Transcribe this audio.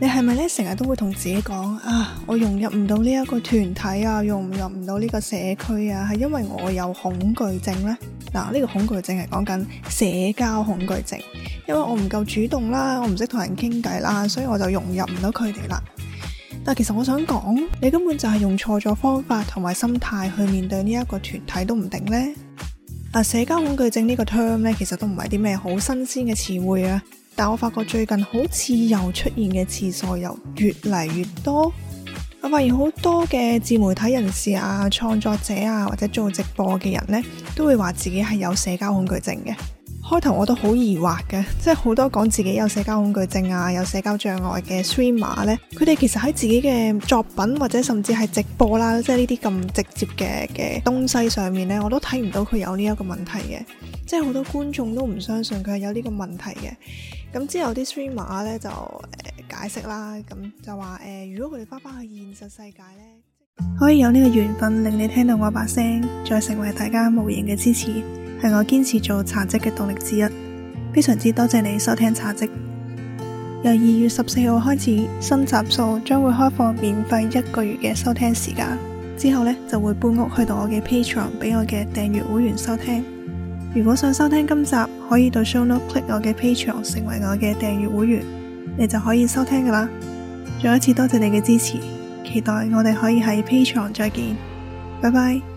你係咪咧，成日都會同自己講啊？「我融入唔到呢一個團體啊，融入唔到呢個社區啊，係因為我有恐懼症呢。」嗱，呢個恐懼症係講緊社交恐懼症，因為我唔夠主動啦，我唔識同人傾偈啦，所以我就融入唔到佢哋啦。但其實我想講，你根本就係用錯咗方法同埋心態去面對呢一個團體都唔定呢。嗱，社交恐懼症呢個 term 咧，其實都唔係啲咩好新鮮嘅詞彙啊。但我發覺最近好似又出現嘅次數又越嚟越多，我發現好多嘅自媒體人士啊、創作者啊或者做直播嘅人呢，都會話自己係有社交恐懼症嘅。開頭我都好疑惑嘅，即係好多講自己有社交恐懼症啊，有社交障礙嘅 streamer 咧，佢哋其實喺自己嘅作品或者甚至係直播啦，即係呢啲咁直接嘅嘅東西上面咧，我都睇唔到佢有呢一個問題嘅，即係好多觀眾都唔相信佢係有呢個問題嘅。咁之後啲 streamer 咧就，呃、解釋啦，咁就話誒、呃，如果佢哋翻返去現實世界咧，可以有呢個緣分令你聽到我把聲，再成為大家無形嘅支持。係我堅持做茶職嘅動力之一，非常之多謝你收聽茶職。由二月十四號開始，新集數將會開放免費一個月嘅收聽時間，之後呢，就會搬屋去到我嘅 Patreon 俾我嘅訂閱會員收聽。如果想收聽今集，可以到 Show Note click 我嘅 Patreon 成為我嘅訂閱會員，你就可以收聽噶啦。再一次多謝你嘅支持，期待我哋可以喺 Patreon 再見，拜拜。